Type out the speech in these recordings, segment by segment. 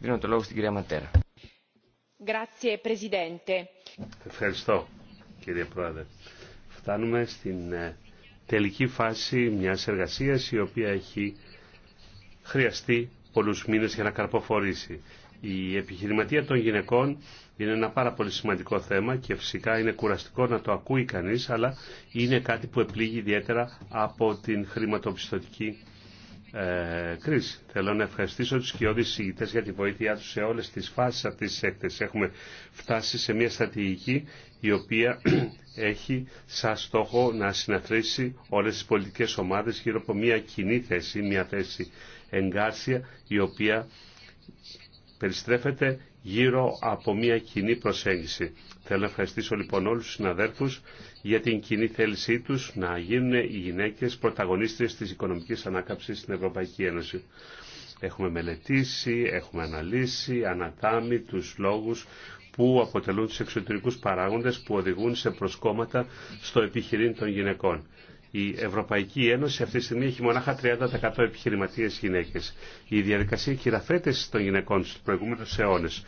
Δίνω το λόγο στην κυρία Ματέρα. Ευχαριστώ κύριε Πρόεδρε. Φτάνουμε στην ε, τελική φάση μιας εργασίας η οποία έχει χρειαστεί πολλούς μήνες για να καρποφορήσει. Η επιχειρηματία των γυναικών είναι ένα πάρα πολύ σημαντικό θέμα και φυσικά είναι κουραστικό να το ακούει κανείς, αλλά είναι κάτι που επλήγει ιδιαίτερα από την χρηματοπιστωτική ε, κρίση. Θέλω να ευχαριστήσω του κοιόδης για τη βοήθειά τους σε όλες τι φάσει αυτή της έκθεση. Έχουμε φτάσει σε μια στρατηγική η οποία έχει σαν στόχο να συναθρήσει όλες τι πολιτικές ομάδες γύρω από μια κοινή θέση, μια θέση εγκάρσια η οποία περιστρέφεται γύρω από μια κοινή προσέγγιση. Θέλω να ευχαριστήσω λοιπόν όλους τους συναδέρφους για την κοινή θέλησή τους να γίνουν οι γυναίκες πρωταγωνίστρες της οικονομικής ανάκαψης στην Ευρωπαϊκή Ένωση. Έχουμε μελετήσει, έχουμε αναλύσει, ανατάμει τους λόγους που αποτελούν τους εξωτερικούς παράγοντες που οδηγούν σε προσκόμματα στο επιχειρήν των γυναικών. Η Ευρωπαϊκή Ένωση αυτή τη στιγμή έχει μονάχα 30% επιχειρηματίες γυναίκες. Η διαδικασία κυραφέτησης των γυναικών στους προηγούμενους αιώνες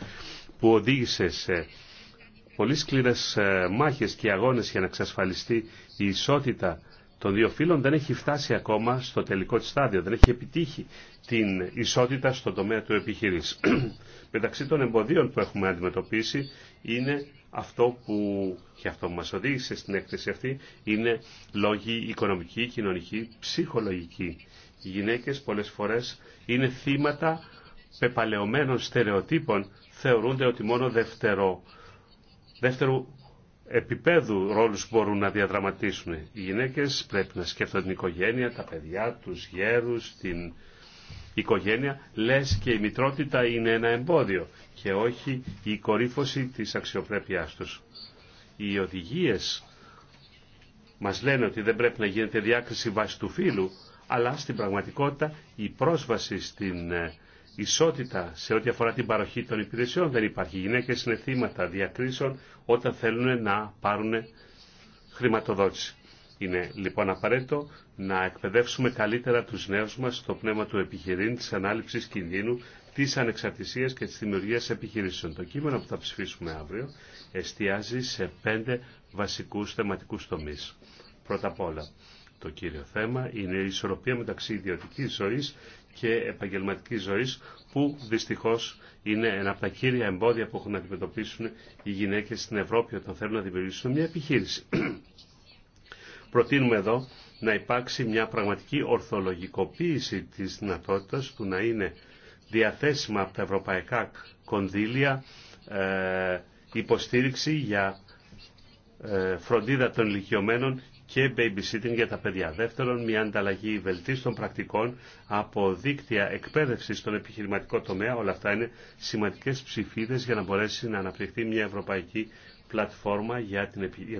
που οδήγησε σε πολύ σκληρές ε, μάχες και αγώνες για να εξασφαλιστεί η ισότητα των δύο φύλων δεν έχει φτάσει ακόμα στο τελικό τη στάδιο, δεν έχει επιτύχει την ισότητα στον τομέα του επιχειρής. Μεταξύ των εμποδίων που έχουμε αντιμετωπίσει είναι αυτό που και αυτό που μας οδήγησε στην έκθεση αυτή είναι λόγοι οικονομικοί, κοινωνικοί, ψυχολογικοί. Οι γυναίκες πολλές φορές είναι θύματα πεπαλαιωμένων στερεοτύπων, θεωρούνται ότι μόνο δευτερό δεύτερου επίπεδου ρόλους μπορούν να διαδραματίσουν. Οι γυναίκες πρέπει να σκέφτονται την οικογένεια, τα παιδιά, τους γέρους, την οικογένεια, λες και η μητρότητα είναι ένα εμπόδιο και όχι η κορύφωση της αξιοπρέπειάς τους. Οι οδηγίες μας λένε ότι δεν πρέπει να γίνεται διάκριση βάση του φύλου, αλλά στην πραγματικότητα η πρόσβαση στην ε, ισότητα σε ό,τι αφορά την παροχή των υπηρεσιών δεν υπάρχει. Οι γυναίκες είναι θύματα διακρίσεων όταν θέλουν να πάρουν χρηματοδότηση. Είναι λοιπόν απαραίτητο να εκπαιδεύσουμε καλύτερα τους νέους μας στο πνεύμα του επιχειρήν, της ανάληψης κινδύνου, της ανεξαρτησίας και της δημιουργία επιχειρήσεων. Το κείμενο που θα ψηφίσουμε αύριο εστιάζει σε πέντε βασικούς θεματικούς τομείς. Πρώτα απ' όλα, το κύριο θέμα είναι η ισορροπία μεταξύ ιδιωτικής ζωής και επαγγελματική ζωή, που δυστυχώς είναι ένα από τα κύρια εμπόδια που έχουν να αντιμετωπίσουν οι γυναίκες στην Ευρώπη όταν θέλουν να δημιουργήσουν μια επιχείρηση. Προτείνουμε εδώ να υπάρξει μια πραγματική ορθολογικοποίηση της δυνατότητα του να είναι διαθέσιμα από τα ευρωπαϊκά κονδύλια ε, υποστήριξη για ε, φροντίδα των ηλικιωμένων και babysitting για τα παιδιά. Δεύτερον, μια ανταλλαγή βελτίστων πρακτικών από δίκτυα εκπαίδευση στον επιχειρηματικό τομέα. Όλα αυτά είναι σημαντικέ ψηφίδε για να μπορέσει να αναπτυχθεί μια ευρωπαϊκή πλατφόρμα για,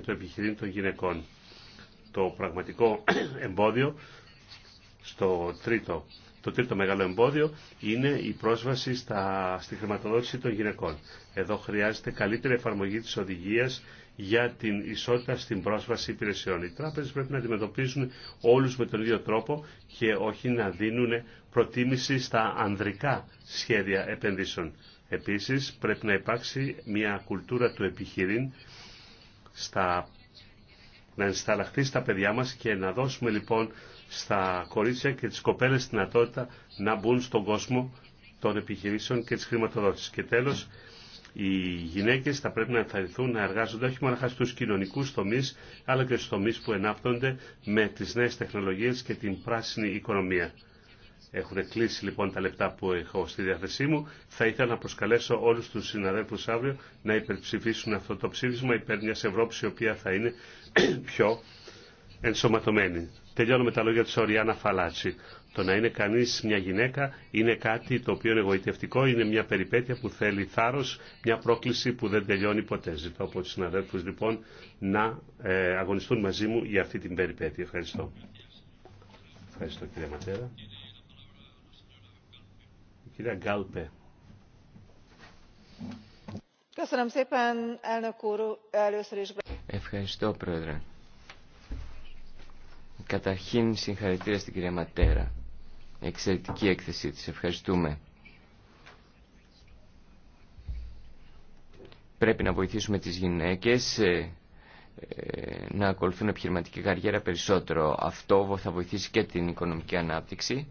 το επιχειρήν των γυναικών. Το πραγματικό εμπόδιο το τρίτο μεγάλο εμπόδιο είναι η πρόσβαση στα, στη χρηματοδότηση των γυναικών. Εδώ χρειάζεται καλύτερη εφαρμογή της οδηγίας για την ισότητα στην πρόσβαση υπηρεσιών. Οι τράπεζες πρέπει να αντιμετωπίζουν όλους με τον ίδιο τρόπο και όχι να δίνουν προτίμηση στα ανδρικά σχέδια επενδύσεων. Επίσης πρέπει να υπάρξει μια κουλτούρα του επιχειρήν στα να ενσταλλαχθεί στα παιδιά μας και να δώσουμε λοιπόν στα κορίτσια και τις κοπέλες τη δυνατότητα να μπουν στον κόσμο των επιχειρήσεων και τη χρηματοδότηση. Και τέλος, οι γυναίκες θα πρέπει να ενθαρρυνθούν να εργάζονται όχι μόνο στου κοινωνικού τομείς, αλλά και στου τομεί που ενάπτονται με τις νέες τεχνολογίες και την πράσινη οικονομία. Έχουν κλείσει λοιπόν τα λεπτά που έχω στη διάθεσή μου. Θα ήθελα να προσκαλέσω όλους τους συναδέλφους αύριο να υπερψηφίσουν αυτό το ψήφισμα υπέρ μιας Ευρώπης η οποία θα είναι πιο ενσωματωμένη. Τελειώνω με τα λόγια της Οριάννα Φαλάτσι. Το να είναι κανείς μια γυναίκα είναι κάτι το οποίο είναι εγωιτευτικό, είναι μια περιπέτεια που θέλει θάρρος, μια πρόκληση που δεν τελειώνει ποτέ. Ζητώ από τους συναδέλφους λοιπόν να ε, αγωνιστούν μαζί μου για αυτή την περιπέτεια. Ευχαριστώ. Ευχαριστώ κύριε Ματέρα. κυρία Γκάλπε. Ευχαριστώ πρόεδρε. Καταρχήν συγχαρητήρια στην κυρία Ματέρα. Εξαιρετική έκθεσή της. Ευχαριστούμε. Πρέπει να βοηθήσουμε τις γυναίκες ε, ε, να ακολουθούν επιχειρηματική καριέρα περισσότερο. Αυτό θα βοηθήσει και την οικονομική ανάπτυξη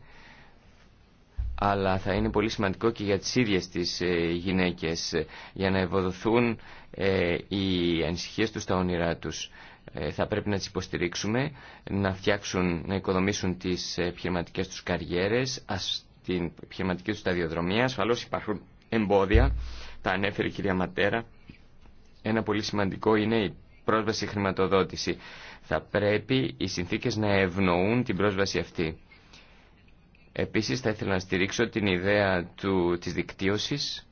αλλά θα είναι πολύ σημαντικό και για τις ίδιες τις ε, γυναίκες ε, για να ευοδοθούν ε, οι ανησυχίε τους στα όνειρά τους. Θα πρέπει να τις υποστηρίξουμε, να φτιάξουν, να οικοδομήσουν τις επιχειρηματικές τους καριέρες, την επιχειρηματική τους σταδιοδρομία. Ασφαλώς υπάρχουν εμπόδια, τα ανέφερε η κυρία Ματέρα. Ένα πολύ σημαντικό είναι η πρόσβαση χρηματοδότηση. Θα πρέπει οι συνθήκες να ευνοούν την πρόσβαση αυτή. Επίσης θα ήθελα να στηρίξω την ιδέα του, της δικτύωσης.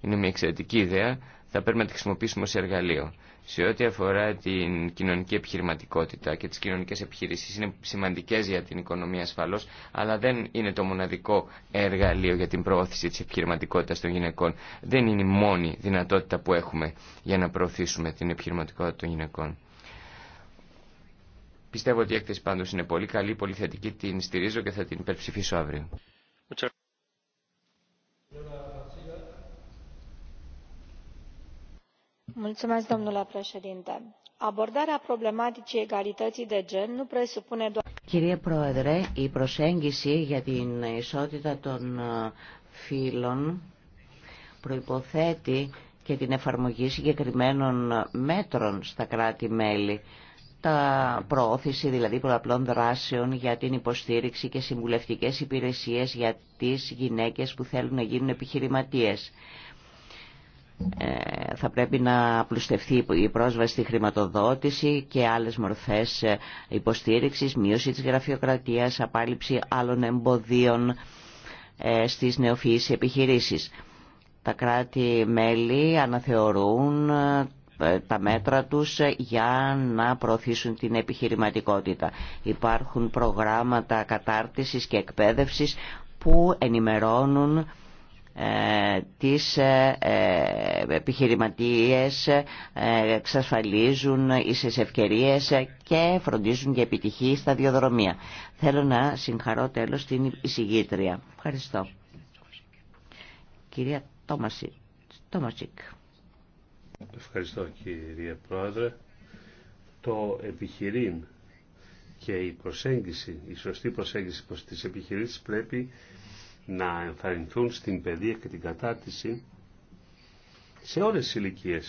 Είναι μια εξαιρετική ιδέα. Θα πρέπει να τη χρησιμοποιήσουμε ως εργαλείο. Σε ό,τι αφορά την κοινωνική επιχειρηματικότητα και τις κοινωνικές επιχειρήσεις είναι σημαντικές για την οικονομία ασφαλώς, αλλά δεν είναι το μοναδικό εργαλείο για την προώθηση της επιχειρηματικότητας των γυναικών. Δεν είναι η μόνη δυνατότητα που έχουμε για να προωθήσουμε την επιχειρηματικότητα των γυναικών. Πιστεύω ότι η έκθεση πάντω είναι πολύ καλή, πολύ θετική, την στηρίζω και θα την υπερψηφίσω αύριο. Κύριε Πρόεδρε, η προσέγγιση για την ισότητα των ε, φύλων προϋποθέτει και την εφαρμογή συγκεκριμένων μέτρων στα κράτη-μέλη τα προώθηση δηλαδή πολλαπλών δράσεων για την υποστήριξη και συμβουλευτικές υπηρεσίες για τις γυναίκες που θέλουν να γίνουν επιχειρηματίες. Ε, θα πρέπει να πλουστευτεί η πρόσβαση στη χρηματοδότηση και άλλες μορφές ε, υποστήριξης, μείωση της γραφειοκρατίας, απάλληψη άλλων εμποδίων ε, στις νεοφυείς επιχειρήσεις. Τα κράτη-μέλη αναθεωρούν ε, ε, τα μέτρα τους ε, για να προωθήσουν την επιχειρηματικότητα. Υπάρχουν προγράμματα κατάρτισης και εκπαίδευσης που ενημερώνουν ε, τις επιχειρηματίες εξασφαλίζουν ίσες ευκαιρίες και φροντίζουν για επιτυχή στα διοδρομία. Θέλω να συγχαρώ τέλος την εισηγήτρια. Ευχαριστώ. Κυρία Τόμασικ. Ευχαριστώ κύριε Πρόεδρε. Το επιχειρήν και η προσέγγιση, η σωστή προσέγγιση προς τις επιχειρήσεις πρέπει να ενθαρρυνθούν στην παιδεία και την κατάρτιση σε όλες τις ηλικίε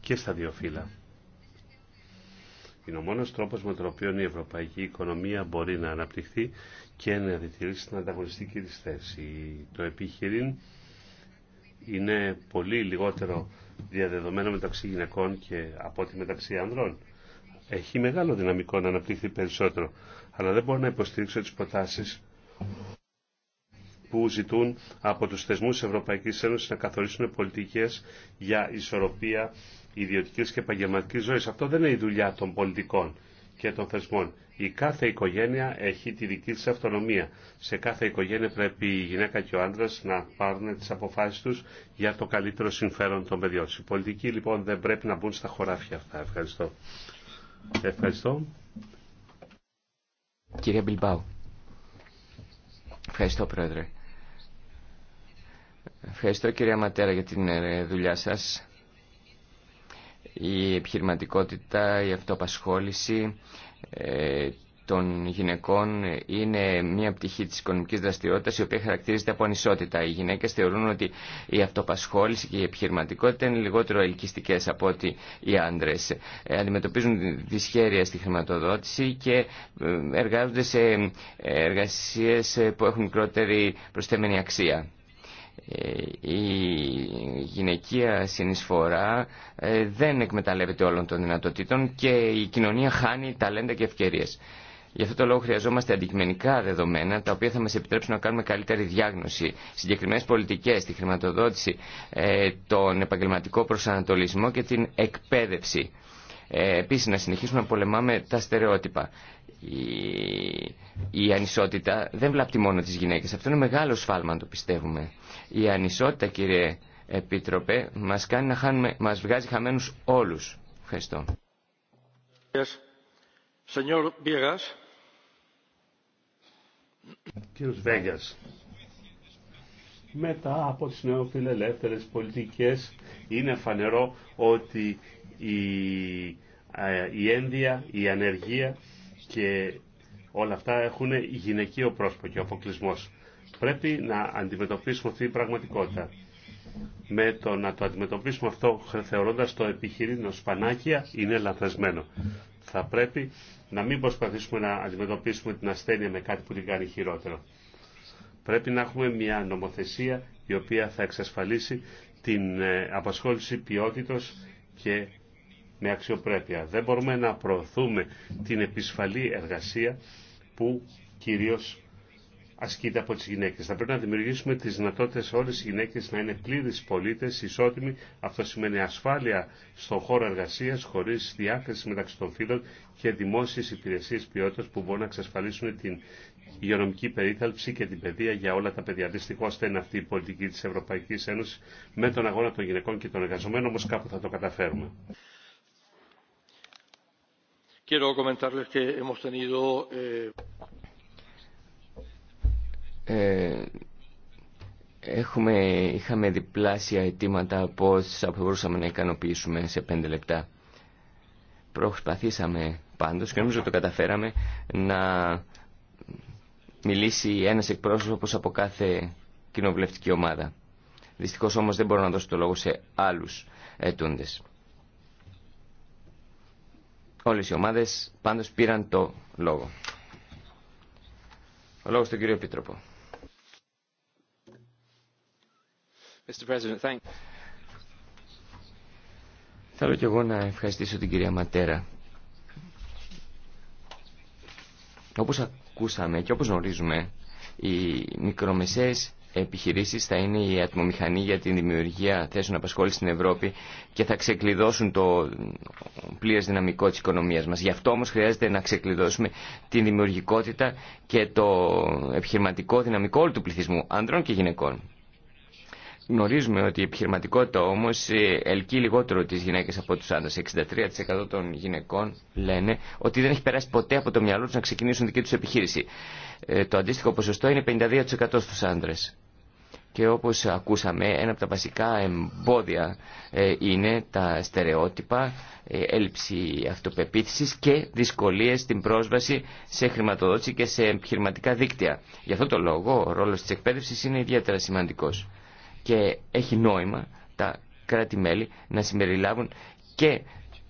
και στα δύο φύλλα. Είναι ο μόνος τρόπος με τον οποίο η ευρωπαϊκή οικονομία μπορεί να αναπτυχθεί και να διατηρήσει την ανταγωνιστική της θέση. Το επιχειρήν είναι πολύ λιγότερο διαδεδομένο μεταξύ γυναικών και από ό,τι μεταξύ ανδρών. Έχει μεγάλο δυναμικό να αναπτύχθει περισσότερο, αλλά δεν μπορώ να υποστηρίξω τις προτάσεις που ζητούν από τους θεσμούς Ευρωπαϊκής Ένωσης να καθορίσουν πολιτικές για ισορροπία ιδιωτικής και επαγγελματική ζωής. Αυτό δεν είναι η δουλειά των πολιτικών και των θεσμών. Η κάθε οικογένεια έχει τη δική της αυτονομία. Σε κάθε οικογένεια πρέπει η γυναίκα και ο άντρας να πάρουν τις αποφάσεις τους για το καλύτερο συμφέρον των παιδιών. Οι πολιτικοί λοιπόν δεν πρέπει να μπουν στα χωράφια αυτά. Ευχαριστώ. Ευχαριστώ. Κύριε Μπιλμπάου. Ευχαριστώ Πρόεδρε. Ευχαριστώ κυρία Ματέρα για την ε, δουλειά σας η επιχειρηματικότητα, η αυτοπασχόληση ε, των γυναικών είναι μια πτυχή της οικονομικής δραστηριότητας η οποία χαρακτηρίζεται από ανισότητα. Οι γυναίκες θεωρούν ότι η αυτοπασχόληση και η επιχειρηματικότητα είναι λιγότερο ελκυστικές από ότι οι άντρες. Ε, αντιμετωπίζουν δυσχέρεια στη χρηματοδότηση και ε, εργάζονται σε εργασίες που έχουν μικρότερη προσθέμενη αξία η γυναικεία συνεισφορά ε, δεν εκμεταλλεύεται όλων των δυνατοτήτων και η κοινωνία χάνει ταλέντα και ευκαιρίες. Γι' αυτό το λόγο χρειαζόμαστε αντικειμενικά δεδομένα τα οποία θα μας επιτρέψουν να κάνουμε καλύτερη διάγνωση, συγκεκριμένες πολιτικές, τη χρηματοδότηση, ε, τον επαγγελματικό προσανατολισμό και την εκπαίδευση. Ε, επίσης να συνεχίσουμε να πολεμάμε τα στερεότυπα η, η ανισότητα δεν βλάπτει μόνο τις γυναίκες. Αυτό είναι μεγάλο σφάλμα, αν το πιστεύουμε. Η ανισότητα, κύριε Επίτροπε, μας, κάνει να χάνουμε, μας βγάζει χαμένους όλους. Ευχαριστώ. Κύριος Βέγγας, μετά από τις νεοφιλελεύθερες πολιτικές είναι φανερό ότι η, ε, η ένδια, η ανεργία και όλα αυτά έχουν γυναικείο πρόσωπο και ο αποκλεισμό. Πρέπει να αντιμετωπίσουμε αυτή την πραγματικότητα. Με το να το αντιμετωπίσουμε αυτό θεωρώντας το επιχειρήν σπανάκια πανάκια είναι λαθασμένο. Θα πρέπει να μην προσπαθήσουμε να αντιμετωπίσουμε την ασθένεια με κάτι που την κάνει χειρότερο. Πρέπει να έχουμε μια νομοθεσία η οποία θα εξασφαλίσει την ε, απασχόληση ποιότητος και με αξιοπρέπεια. Δεν μπορούμε να προωθούμε την επισφαλή εργασία που κυρίως ασκείται από τις γυναίκες. Θα πρέπει να δημιουργήσουμε τις δυνατότητες όλες οι γυναίκες να είναι πλήρεις πολίτες, ισότιμοι. Αυτό σημαίνει ασφάλεια στον χώρο εργασίας, χωρίς διάκριση μεταξύ των φύλων και δημόσιες υπηρεσίες ποιότητας που μπορούν να εξασφαλίσουν την υγειονομική περίθαλψη και την παιδεία για όλα τα παιδιά. Δυστυχώ δεν είναι αυτή η πολιτική τη Ευρωπαϊκή Ένωση με τον αγώνα των γυναικών και των εργαζομένων, όμω κάπου θα το καταφέρουμε. Quiero comentarles que hemos tenido. Eh, eh, είχαμε διπλάσια αιτήματα από θα μπορούσαμε να ικανοποιήσουμε σε πέντε λεπτά. Προσπαθήσαμε πάντως και νομίζω το καταφέραμε να μιλήσει ένας εκπρόσωπος από κάθε κοινοβουλευτική ομάδα. Δυστυχώς όμως δεν μπορώ να δώσω το λόγο σε άλλους ετούντες. Όλες οι ομάδες πάντως πήραν το λόγο. Ο λόγος στον κύριο Επίτροπο. Mr. President, thank Θέλω και εγώ να ευχαριστήσω την κυρία Ματέρα. Όπως ακούσαμε και όπως γνωρίζουμε, οι μικρομεσαίες Επιχειρήσει θα είναι η ατμομηχανή για την δημιουργία θέσεων απασχόληση στην Ευρώπη και θα ξεκλειδώσουν το πλήρε δυναμικό τη οικονομία μα. Γι' αυτό όμω χρειάζεται να ξεκλειδώσουμε την δημιουργικότητα και το επιχειρηματικό δυναμικό όλου του πληθυσμού, άντρων και γυναικών. Γνωρίζουμε ότι η επιχειρηματικότητα όμω ε, ελκύει λιγότερο τι γυναίκε από του άντρε, 63% των γυναικών λένε ότι δεν έχει περάσει ποτέ από το μυαλό του να ξεκινήσουν δική του επιχείρηση. Ε, το αντίστοιχο ποσοστό είναι 52% στου άντρε και όπως ακούσαμε ένα από τα βασικά εμπόδια ε, είναι τα στερεότυπα, ε, έλλειψη αυτοπεποίθησης και δυσκολίες στην πρόσβαση σε χρηματοδότηση και σε επιχειρηματικά δίκτυα. Γι' αυτό το λόγο ο ρόλος της εκπαίδευσης είναι ιδιαίτερα σημαντικός και έχει νόημα τα κράτη-μέλη να συμπεριλάβουν και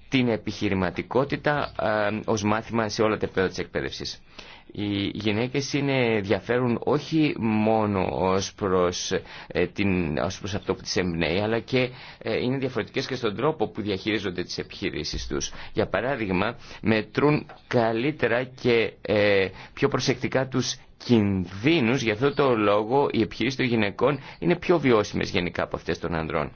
την επιχειρηματικότητα ε, ως μάθημα σε όλα τα επίπεδα της εκπαίδευσης. Οι γυναίκες είναι, διαφέρουν όχι μόνο ως προς, ε, την, ως προς αυτό που τις εμπνέει, αλλά και ε, είναι διαφορετικές και στον τρόπο που διαχειρίζονται τις επιχειρήσεις τους. Για παράδειγμα, μετρούν καλύτερα και ε, πιο προσεκτικά τους κινδύνους. Γι' αυτό το λόγο οι επιχειρήσεις των γυναικών είναι πιο βιώσιμες γενικά από αυτές των ανδρών.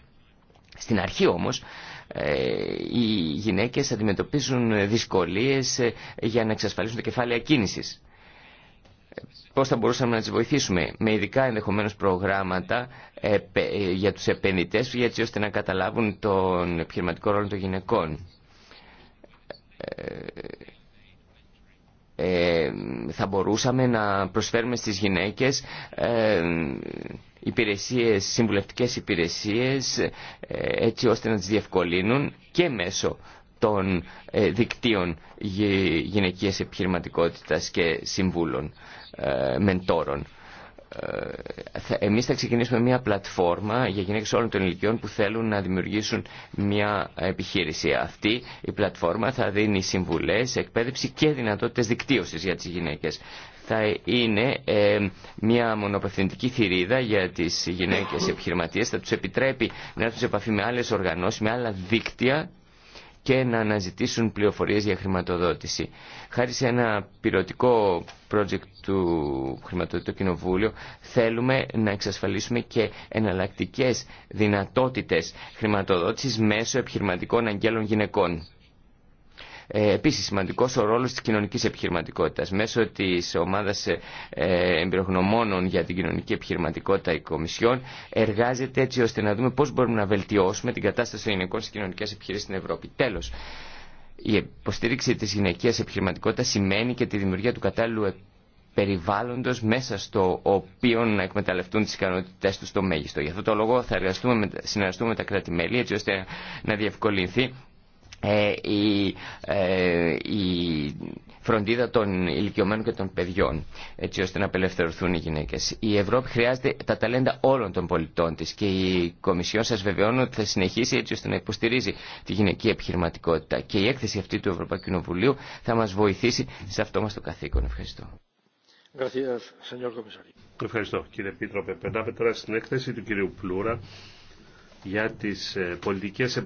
Στην αρχή όμως ε, οι γυναίκες αντιμετωπίζουν δυσκολίες ε, για να εξασφαλίσουν τα κεφάλαια κίνησης. Πώς θα μπορούσαμε να τις βοηθήσουμε με ειδικά ενδεχομένως προγράμματα ε, για τους επενδυτές έτσι ώστε να καταλάβουν τον επιχειρηματικό ρόλο των γυναικών. θα μπορούσαμε να προσφέρουμε στις γυναίκες υπηρεσίες, συμβουλευτικές υπηρεσίες ε, έτσι ώστε να τις διευκολύνουν και μέσω των ε, δικτύων γυναικείας επιχειρηματικότητας και συμβούλων, ε, μεντόρων. Ε, εμείς θα ξεκινήσουμε μια πλατφόρμα για γυναίκες όλων των ηλικιών που θέλουν να δημιουργήσουν μια επιχείρηση. Αυτή η πλατφόρμα θα δίνει συμβουλές, εκπαίδευση και δυνατότητες δικτύωσης για τις γυναίκες. Θα είναι ε, μια μονοπευθυντική θηρίδα για τις γυναίκες επιχειρηματίες. Θα τους επιτρέπει να έρθουν σε επαφή με άλλες οργανώσεις, με άλλα δίκτυα και να αναζητήσουν πληροφορίες για χρηματοδότηση. Χάρη σε ένα πυρωτικό project του Χρηματοδοτητού Κοινοβούλιο θέλουμε να εξασφαλίσουμε και εναλλακτικές δυνατότητες χρηματοδότησης μέσω επιχειρηματικών αγγέλων γυναικών. Ε, επίσης σημαντικός ο ρόλος της κοινωνικής επιχειρηματικότητας. Μέσω της ομάδας ε, εμπειρογνωμόνων για την κοινωνική επιχειρηματικότητα η Κομισιόν εργάζεται έτσι ώστε να δούμε πώ μπορούμε να βελτιώσουμε την κατάσταση των γυναικών στι κοινωνικέ επιχειρήσει στην Ευρώπη. Τέλο, η υποστήριξη τη γυναικείας επιχειρηματικότητα σημαίνει και τη δημιουργία του κατάλληλου περιβάλλοντο μέσα στο οποίο να εκμεταλλευτούν τι ικανότητέ του στο μέγιστο. Γι' αυτό το λόγο θα συνεργαστούμε με τα κράτη-μέλη έτσι ώστε να διευκολυνθεί ε, ε, η, φροντίδα των ηλικιωμένων και των παιδιών, έτσι ώστε να απελευθερωθούν οι γυναίκες. Η Ευρώπη χρειάζεται τα ταλέντα όλων των πολιτών της και η Κομισιόν σας βεβαιώνω ότι θα συνεχίσει έτσι ώστε να υποστηρίζει τη γυναική επιχειρηματικότητα. Και η έκθεση αυτή του Ευρωπαϊκού Κοινοβουλίου θα μας βοηθήσει σε αυτό μας το καθήκον. Ευχαριστώ. Ευχαριστώ κύριε Περνάμε τώρα στην έκθεση του κυρίου Πλούρα για τις ε, πολιτικές